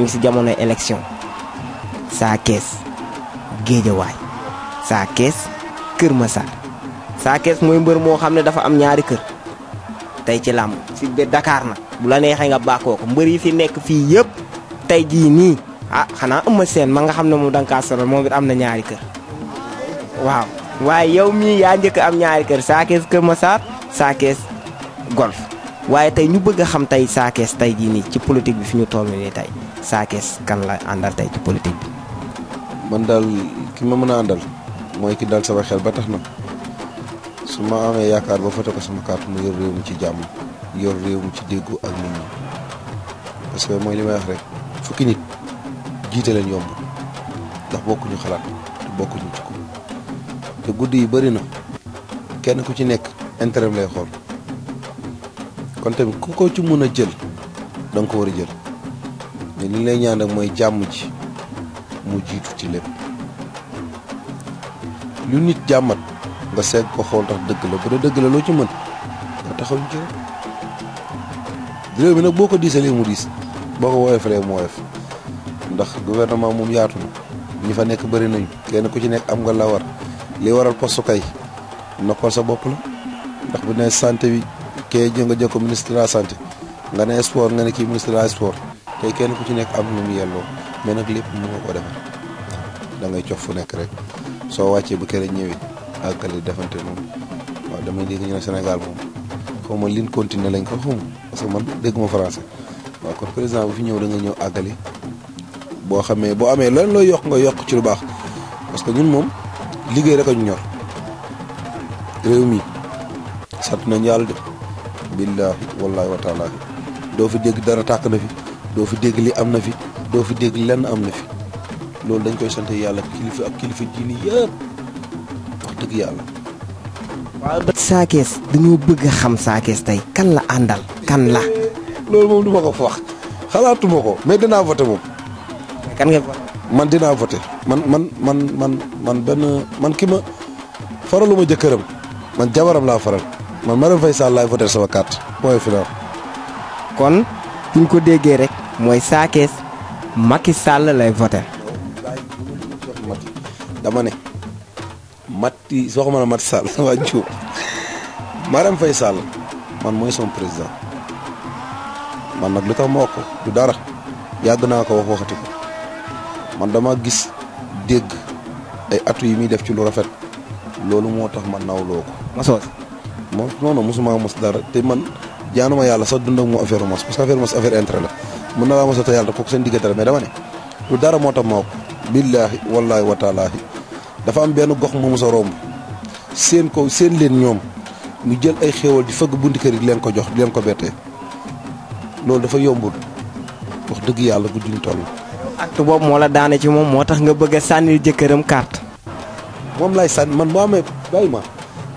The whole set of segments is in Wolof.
ñu ci jamono élection sa kess kees way sa kess kër ma sa sa kess moy mbeur mo ne dafa am ñaari kër tay ci lamb si ba Dakar nag bu la nexé nga bàkkoo ko mbeur yi fi nek fi yépp tay ji ni ah xana ëmma sen ma nga xam mo moom da nga kaa am na ñaari kër waaw waye yow mi ya njëkk am ñaari kër saa kees kër sa sa kess golf waaye tey ñu bëgg a xam tey Sa tey jii nii ci politique bi fi ñu toll nii tey Sa kan la àndal tey ci politique bi. man daal ki ma mën a àndal mooy ki daal sama xel ba tax na su ma amee yaakaar ba foto ko sama carte mu yor réew mi ci jàmm yor réew mi ci déggu ak nit ñi parce mooy li may wax rek fukki nit jiite leen yomb ndax bokkuñu xalaat te bokkuñu jikko te guddi yi bëri na kenn ku ci nekk intérêt lay xool. kon tamit ku ko ci mun a jël da ko war a jël mais li lay ñaan mooy jàmm ji mu jiitu ci lépp lu nit jàmmat nga seet ko xool ndax dëgg la bu dee dëgg la loo ci mën nga taxaw ci réew mi nag boo ko diisalee mu diis boo ko woyofalee mu woyof ndax gouvernement moom yaatu na ñi fa nekk bari nañu kenn ku ci nekk am nga la war li waral postu kay noppal sa bopp la ndax bu ne santé wi kee nga jël ko ministre de la santé nga ne sport nga ne kii ministre de la sport tey kenn ku ci nekk am nu mu yelloo mais nag lépp mën nga ko defar da ngay cof fu nekk rek soo wàccee bu kere ñëwee àggale defante noonu waaw damay dégg ñu ne Sénégal moom xaw ma ligne continue lañ ko xaw ma parce que man dégguma français waaw kon président bu fi ñëw da nga ñëw àggali boo xamee boo amee lan looy yokk nga yokk ci lu baax parce que ñun moom liggéey rek a ñu ñor réew nañ yàlla de billaah wallahi wa taala doo fi dégg dara tàkk na fi doo fi dégg li am na fi doo fi dégg lenn am na fi loolu dañ koy sante yàlla kilifa ak kilifa diini yëpp wax dëgg yàlla. waaw saakees dañoo bëgg xam saakees tey kan la àndal kan la. loolu moom du ma ko fa xalaatuma ko mais dinaa voté moom. kan nga voté. man dinaa voté man man man man man benn man ki ma faraluma jëkkëram man jabaram laa faral. man Marème Faye Sall laay voté sama carte point final. kon buñ ko déggee rek mooy saakees makki sàll lay voté. dama ne Mati soxna Mati Sall waa Diouf Marème Faye Sall man mooy son président man nag lu tax ma wax ko du dara yàgg naa ko wax ko man dama gis dégg ay atu yi muy def ci lu rafet loolu moo tax ma nawloo ko. moom non non mosuma mos dara te man jaanuma yàlla sax dund ak moom affaire mos parce que affaire mos affaire intérêt la mën na laa mos a te yàlla kooku seen diggante la mais dama ne lu dara moo tax ma wax billaahi wallaahi wa dafa am benn gox mu mos a romb seen ko seen leen ñoom mu jël ay xéewal di fëgg buntu kër yi leen ko jox di leen ko bettee loolu dafa yombul wax dëgg yàlla guddi ñu toll. acte boobu moo la daane ci moom moo tax nga bëgg a sànnil jëkkëram carte. moom laay sànni man moo amee bàyyi ma.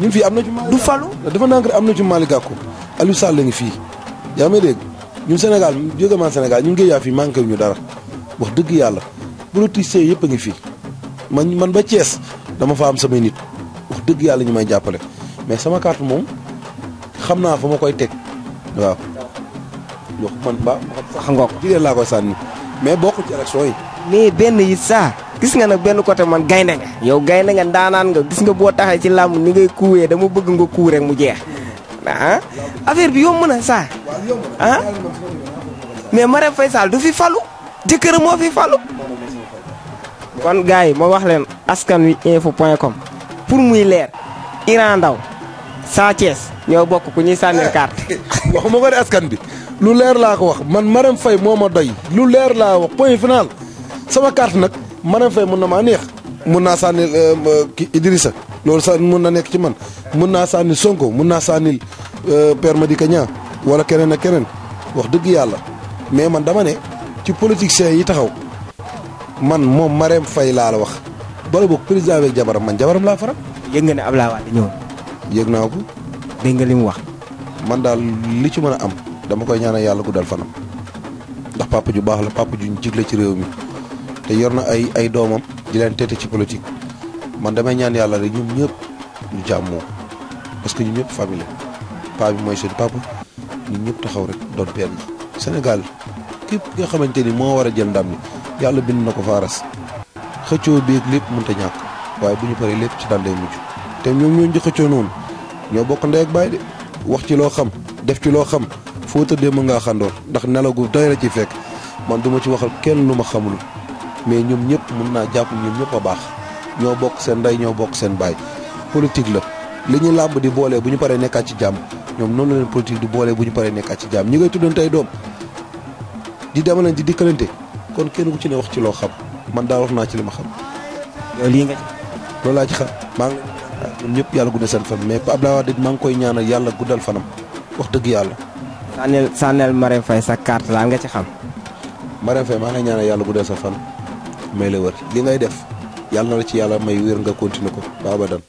ñun fii am na ci du Fallou dafa nànk am na ci Malick Gakou Aliou Sall la ngi fii yaa may dégg ñun Sénégal jógamaa Sénégal ñun géeyaa fii manqué ñu dara wax dëgg yàlla politicien yëpp a ngi fii man man ba Thiès dama fa am samay nit wax dëgg yàlla ñu may jàppale mais sama carte moom xam naa fa ma koy teg waaw wax man xam nga ko jigéen koy sànni mais bokk ci élection benn yi saa gis nga nag benn côté man gaynde nga yow gaynde nga daanaan nga gis nga boo taxee ci làmb ni ngay kuwee dama bëgg nga kuw rek mu jeex ah affaire bi yomb na saa ah mais Marème Faye Sall du fi falu jëkkër moo fi falu kon gars yi ma wax leen askan wi info point com pour muy leer Iran Ndaw Sa Thiès ñoo bokk ku ñuy sànnil carte waxuma ko de askan bi lu leer laa wax man Marème Faye moo ma doy lu leer laa wax point final sama carte nag manam fay mun na ma neex mun na sanil eh, idrissa loolu sa mun na nekk ci man mun na sanil sonko mun na sanil eh, père madi kanya wala keneen ak keneen wax deug yalla mais man dama ne ci politiciens yi taxaw man mom marem fay la la wax bala boog président avec jabaram man jabaram la faram yeug nga ne abla waat ñëw yeug na ko de nga lim wax man dal li ci mëna am dama koy ñaanal yàlla guddal fanam ndax papa ju bax la papa ju jigle ci réew mi te yorna ay ay domam di len teete ci politique man damay ñaan yalla rek ñun ñëpp ñu parce que ñëpp famille pa bi moy seen papa ñu ñëpp taxaw rek doon ben Sénégal képp nga xamanteni mo wara jël ndam ni yalla bind na ko xëccu bi ak lepp mënta ta ñak waye buñu paré lepp ci dalay day te ñoom ñoo ñu xëccoo noonu ñoo bokk ndé ak bay dé wax ci lo xam def ci lo xam fo teudé mo nga ndax ci fekk man duma ci waxal kenn luma xamul mais ñoom ñëpp mun naa jàpp ñoom ñëpp a baax ñoo bokk seen ndey ñoo bokk seen baay politique la li ñu làmb di boolee bu ñu paree nekkaat ci jàmm ñoom noonu la leen politique di boolee bu ñu paree nekkaat ci jàmm ñi ngay tuddoon tey doom di demaleen di dikkalante kon kenn ku ci ne wax ci loo xam man daa wax naa ci li ma xam. yow lii loolu laa ci xam maa ngi ñun ñëpp yàlla guddal seen fan mais Abdoulaye Wade maa ngi koy ñaana yàlla guddal fanam wax dëgg yàlla. sànneel sànneel Marème Faye sa carte lan nga ci xam. Marème maa ngi ñaanal yàlla guddal sa fan. may la wër li ngay def yàlla na la ci yàlla may wér nga continuer ko ba abadan